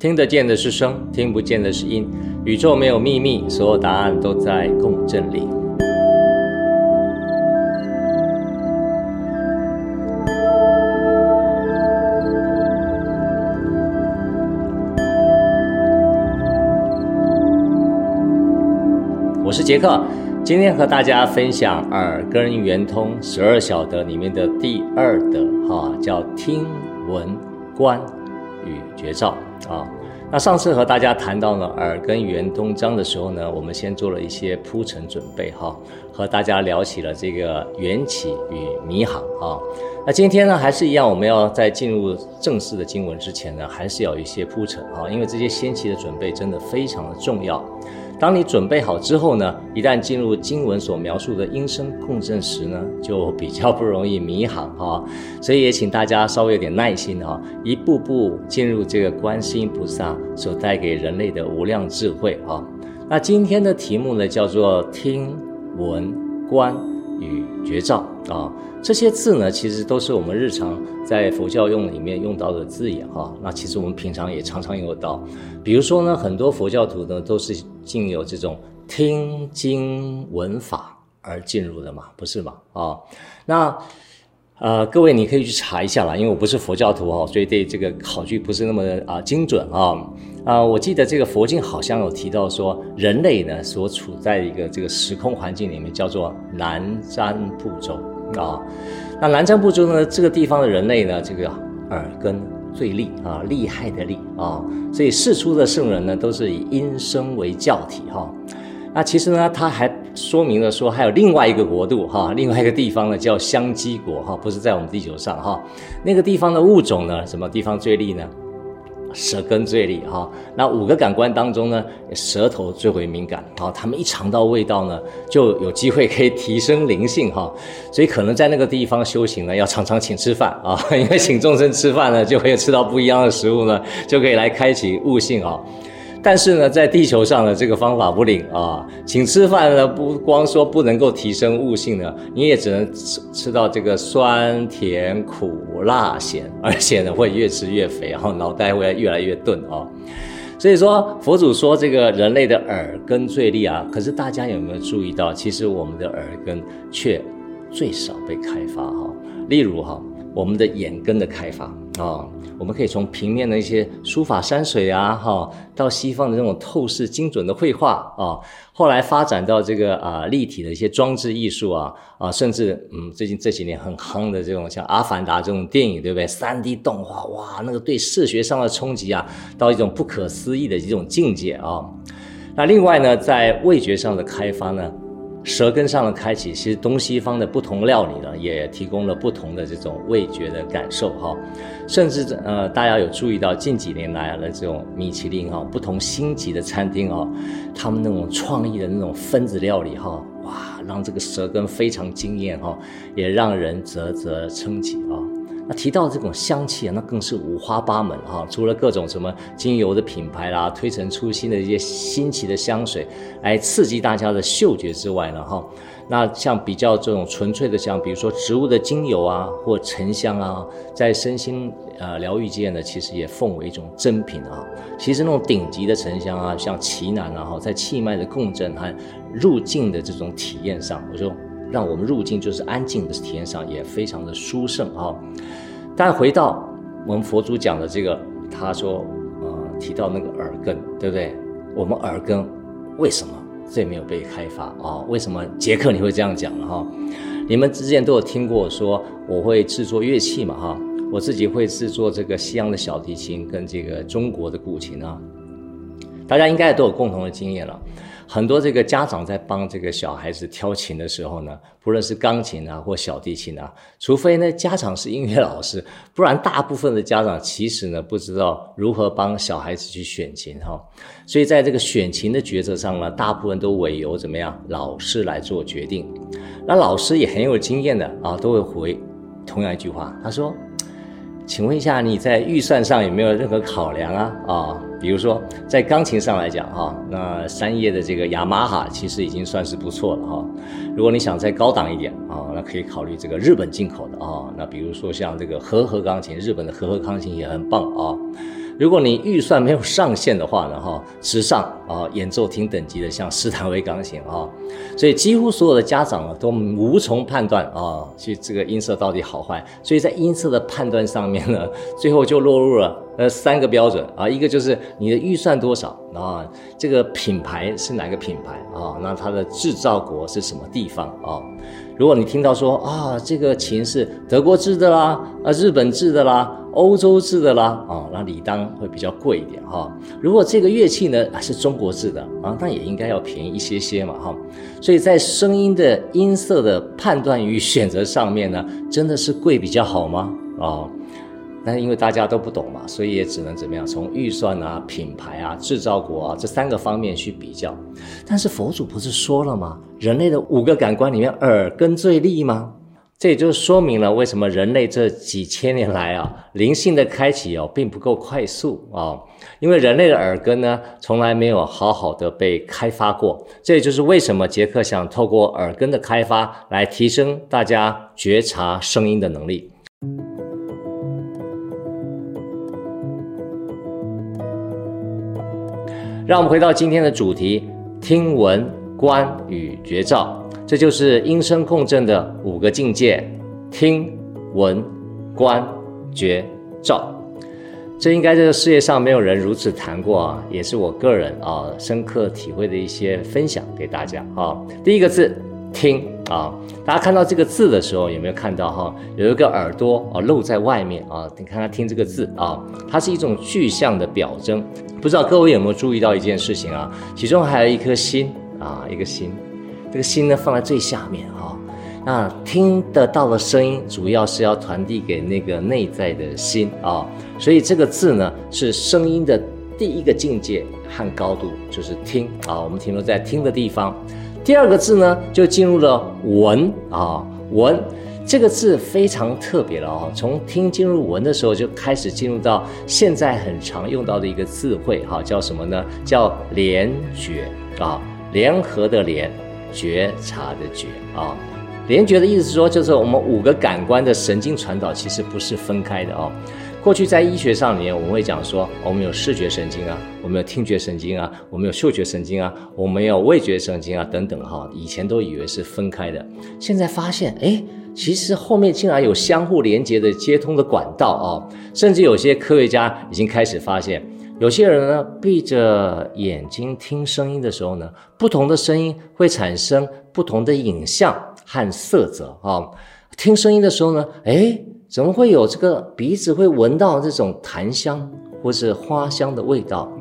聽得見的是聲，聽不見的是音。宇宙沒有秘密，所有答案都在共振裡。我是傑克，今天和大家分享耳根圓通十二小得裡面的第二得，哈，叫聽聞觀與覺照啊、哦，那上次和大家談到呢，耳根圓通章的時候呢，我們先做了一些鋪陳準備哈、哦，和大家聊起了這個緣起與迷航啊、哦。那今天呢，還是一樣，我們要在進入正式的經文之前呢，還是要有一些鋪陳啊、哦，因為這些先期的準備真的非常的重要。當你準備好之後呢，一旦進入經文所描述的音聲共振時呢，就比較不容易迷航啊、哦。所以也請大家稍微有點耐心啊、哦，一步步進入這個觀世音菩薩所帶給人類的無量智慧啊、哦。那今天的題目呢，叫做聽聞觀與覺照啊。哦這些字呢，其實都是我們日常在佛教用裡面用到的字眼哈、哦。那其實我們平常也常常用到，比如說呢，很多佛教徒呢都是經由這種聽經聞法而進入的嘛，不是嗎啊、哦，那呃，各位你可以去查一下啦，因為我不是佛教徒哈，所以對這個考據不是那麼啊、呃、精準啊、哦、啊、呃。我記得這個佛經好像有提到說，人類呢所處在一個這個時空環境裡面，叫做南瞻部洲。啊、哦，那南瞻部洲呢？這個地方的人類呢，這個耳根、嗯、最利啊，厲、哦、害的利啊、哦，所以世出的聖人呢，都是以音聲為教體哈、哦。那其實呢，他還說明了說，還有另外一個國度哈、哦，另外一個地方呢，叫香積國哈、哦，不是在我們地球上哈、哦。那個地方的物種呢，什麼地方最利呢？舌根最利哈，那五個感官當中呢，舌頭最為敏感啊。他們一嘗到味道呢，就有機會可以提升靈性哈。所以可能在那個地方修行呢，要常常請吃飯啊，因為請眾生吃飯呢，就可以吃到不一樣的食物呢，就可以來開啟悟性啊。但是呢，在地球上的這個方法不靈啊，請吃飯呢，不光說不能夠提升悟性呢，你也只能吃吃到這個酸甜苦辣鹹，而且呢，會越吃越肥，然後腦袋會越來越鈍啊、哦。所以說，佛祖說這個人類的耳根最利啊，可是大家有沒有注意到，其實我們的耳根卻最少被開發哈、哦？例如哈。我們的眼根的開發啊、哦，我們可以從平面的一些書法、山水啊，哈、哦，到西方的這種透視精準的繪畫啊、哦，後來發展到這個啊立體的一些裝置藝術啊啊，甚至嗯最近這幾年很夯的這種像《阿凡達》這種電影，對不對？3D 動畫，哇，那個對視覺上的衝擊啊，到一種不可思議的一種境界啊、哦。那另外呢，在味覺上的開發呢？舌根上的開啟，其實東西方的不同料理呢，也提供了不同的這種味覺的感受哈。甚至呃，大家有注意到近幾年來的這種米其林哈，不同星級的餐廳哈，他們那種創意的那種分子料理哈，哇，讓這個舌根非常驚艷哈，也讓人嘖嘖稱奇啊。那提到這種香氣啊，那更是五花八門哈、啊，除了各種什麼精油的品牌啦、啊，推陳出新的一些新奇的香水，來刺激大家的嗅覺之外呢，哈，那像比較這種純粹的像，像比如說植物的精油啊，或沉香啊，在身心啊療癒界呢，其實也奉為一種珍品啊。其實那種頂級的沉香啊，像奇楠啊，哈，在氣脈的共振和入境的這種體驗上，我就。讓我們入境就是安靜的體驗上也非常的殊勝啊、哦，但回到我們佛祖講的這個，他說，呃，提到那個耳根，對不對？我們耳根為什麼最沒有被開發啊、哦？為什麼傑克你會這樣講了哈、哦？你們之前都有聽過我說我會製作樂器嘛哈、哦？我自己會製作這個西洋的小提琴跟這個中國的古琴啊，大家應該都有共同的經驗了。很多這個家長在幫這個小孩子挑琴的時候呢，不論是鋼琴啊或小提琴啊，除非呢家長是音樂老師，不然大部分的家長其實呢不知道如何幫小孩子去選琴哈、哦。所以在這個選琴的抉擇上呢，大部分都委由怎麼樣老師來做決定。那老師也很有經驗的啊，都會回同樣一句話，他說：“請問一下你在預算上有沒有任何考量啊？”啊、哦。比如說，在鋼琴上來講，哈，那山葉的這個雅馬哈其實已經算是不錯了，哈。如果你想再高檔一點啊，那可以考慮這個日本進口的啊。那比如說像這個河合鋼琴，日本的河合鋼琴也很棒啊。如果你預算沒有上限的話呢？哈，時尚啊，演奏廳等級的，像斯坦威鋼琴啊，所以幾乎所有的家長啊，都無從判斷啊，這這個音色到底好壞。所以在音色的判斷上面呢，最後就落入了呃三個標準啊，一個就是你的預算多少，啊，這個品牌是哪個品牌啊，那它的制造國是什麼地方啊？如果你聽到說啊、哦，這個琴是德國製的啦，啊，日本製的啦，歐洲製的啦，啊、哦，那理當會比較貴一點哈、哦。如果這個樂器呢、啊、是中國製的啊，那也應該要便宜一些些嘛哈、哦。所以在聲音的音色的判斷與選擇上面呢，真的是貴比較好嗎？啊、哦，那因為大家都不懂嘛，所以也只能怎麼樣，從預算啊、品牌啊、製造國啊這三個方面去比較。但是佛祖不是說了嗎？人類的五個感官裡面，耳根最利嗎？這也就說明了為什麼人類這幾千年來啊，靈性的開啟哦，並不夠快速啊，哦，因為人類的耳根呢，從來沒有好好的被開發過。這也就是為什麼傑克想透過耳根的開發，來提升大家覺察聲音的能力。嗯，讓我們回到今天的主題，聽聞。觀與覺照，這就是音聲共振的五個境界：聽、聞、觀、覺、照。這應該這個世界上沒有人如此談過啊，也是我個人啊深刻體會的一些分享給大家啊、哦。第一個字聽啊、哦，大家看到這個字的時候有沒有看到哈、哦？有一個耳朵啊露在外面啊、哦？你看他聽這個字啊、哦，它是一種具象的表徵。不知道各位有沒有注意到一件事情啊？其中還有一顆心。啊，一個心，這個心呢放在最下面啊、哦。那聽得到的聲音，主要是要傳遞給那個內在的心啊、哦。所以這個字呢，是聲音的第一個境界和高度，就是聽啊、哦。我們停留在聽的地方。第二個字呢，就進入了聞啊聞。這個字非常特別了啊、哦。從聽進入聞的時候，就開始進入到現在很常用到的一個字彙哈、哦，叫什麼呢？叫聯覺啊。哦聯合的聯，覺察的覺啊，聯覺的意思是說，就是我們五個感官的神經傳導其實不是分開的哦。過去在醫學上裡面，我們會講說、哦，我們有視覺神經啊，我們有聽覺神經啊，我們有嗅覺神經啊，我們有味覺神經啊等等哈、哦。以前都以為是分開的，現在發現，誒，其實後面竟然有相互連接的接通的管道啊、哦。甚至有些科學家已經開始發現。有些人呢，閉着眼睛聽聲音的時候呢，不同的聲音會產生不同的影像和色澤啊、哦。聽聲音的時候呢，誒，怎麼會有這個鼻子會聞到這種檀香或是花香的味道？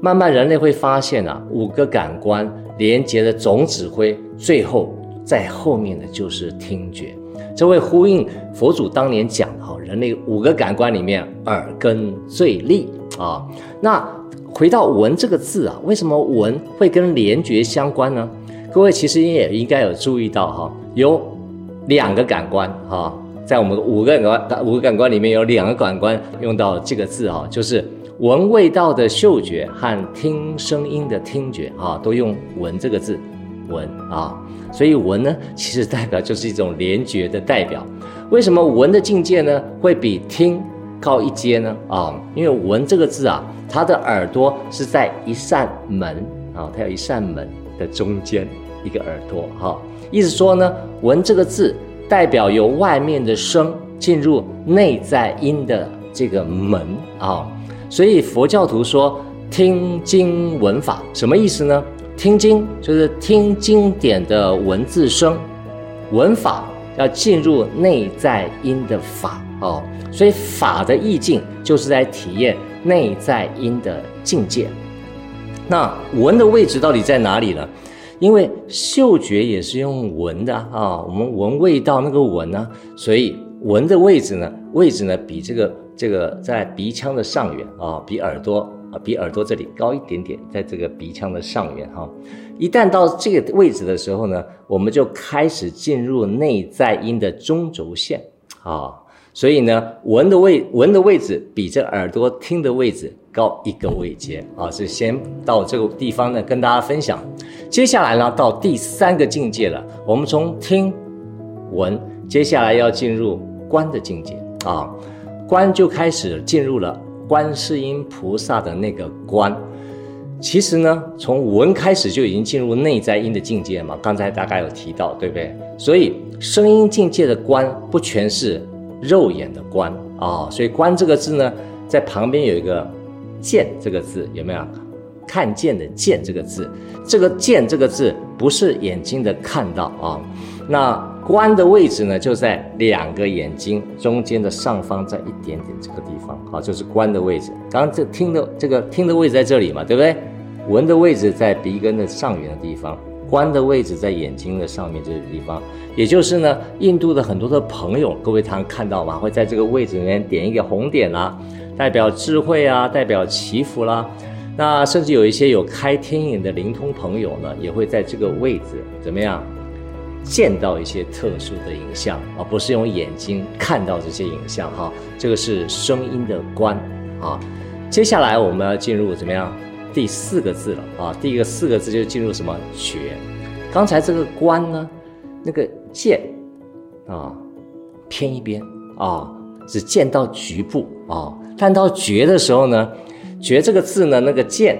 慢慢，人類會發現啊，五個感官連接的總指揮，最後在後面的就是聽覺，這會呼應佛祖當年講的哈，人類五個感官裡面，耳根最利。啊，那回到“聞”這個字啊，為什麼“聞”會跟聯覺相關呢？各位其實也應該有注意到哈，有兩個感官哈，在我們五個感官五個感官裡面，有兩個感官用到這個字啊，就是聞味道的嗅覺和聽聲音的聽覺啊，都用“聞”這個字，聞啊，所以“聞”呢，其實代表就是一種聯覺的代表。為什麼“聞”的境界呢，會比聽？高一階呢？啊、哦，因為“聞這個字啊，它的耳朵是在一扇門啊、哦，它有一扇門的中間一個耳朵哈、哦。意思說呢，“聞這個字代表由外面的聲進入內在音的這個門啊、哦。所以佛教徒說“聽經聞法”什麼意思呢？聽經就是聽經典的文字聲，聞法要進入內在音的法哦。所以法的意境就是在體驗內在音的境界。那聞的位置到底在哪裡呢？因為嗅覺也是用聞的啊，我們聞味道那個聞呢、啊？所以聞的位置呢，位置呢比這個這個在鼻腔的上緣啊，比耳朵啊，比耳朵這裡高一點點，在這個鼻腔的上緣哈、啊。一旦到這個位置的時候呢，我們就開始進入內在音的中軸線啊。所以呢，聞的位聞的位置比這耳朵聽的位置高一個位階啊，是先到這個地方呢跟大家分享。接下來呢，到第三個境界了，我們從聽聞，接下來要進入觀的境界啊，觀就開始進入了觀世音菩薩的那個觀。其實呢，從聞開始就已經進入內在音的境界嘛，剛才大概有提到，對不對？所以聲音境界的觀不全是。肉眼的觀啊、哦，所以“觀”這個字呢，在旁邊有一個“見”這個字，有沒有？看見的“見”這個字，這個“見”這個字不是眼睛的看到啊、哦。那“觀”的位置呢，就在兩個眼睛中間的上方，在一點點這個地方啊、哦，就是“觀”的位置。剛剛這聽的這個聽的位置在這裡嘛，對不對？聞的位置在鼻根的上緣的地方。觀的位置在眼睛的上面這個地方，也就是呢，印度的很多的朋友，各位常看到嗎？會在這個位置裡面點一個紅點啦、啊，代表智慧啊，代表祈福啦、啊。那甚至有一些有開天眼的靈通朋友呢，也會在這個位置怎麼樣見到一些特殊的影像、啊，而不是用眼睛看到這些影像哈、啊。這個是聲音的觀啊。接下來我們要進入怎麼樣？第四個字了啊，第一個四個字就進入什麼覺？剛才這個觀呢，那個見啊，偏一邊啊，只見到局部啊；但到覺的時候呢，覺這個字呢，那個見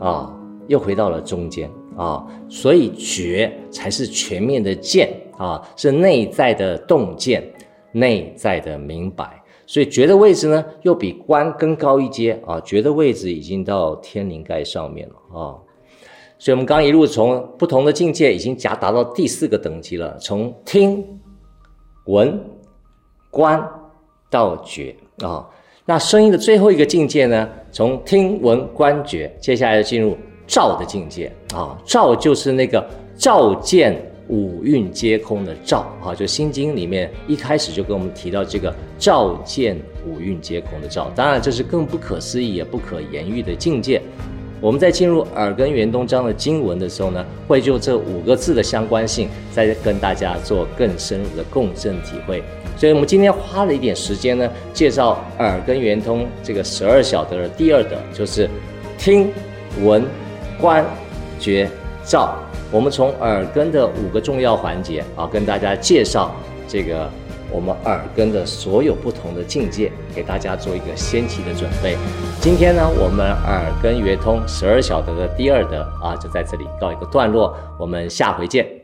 啊，又回到了中間啊，所以覺才是全面的見啊，是內在的洞見，內在的明白。所以覺的位置呢，又比觀更高一階啊！覺的位置已經到天靈蓋上面了啊！所以，我們剛剛一路從不同的境界，已經夾達到第四個等級了，從聽、聞、觀到覺啊！那聲音的最後一個境界呢？從聽、聞、觀、覺，接下來就進入照的境界啊！照就是那個照見。五蘊皆空的照哈，就《心經》裡面一開始就跟我們提到這個照見五蘊皆空的照，當然這是更不可思議也不可言喻的境界。我們在進入耳根圓通章的經文的時候呢，會就這五個字的相關性在跟大家做更深入的共振體會。所以我們今天花了一點時間呢，介紹耳根圓通這個十二小德的第二德，就是聽、聞、觀、覺、照。我們從耳根的五個重要環節啊，跟大家介紹這個我們耳根的所有不同的境界，給大家做一個先期的準備。今天呢，我們耳根圓通十二小得的第二得啊，就在這裡告一個段落，我們下回見。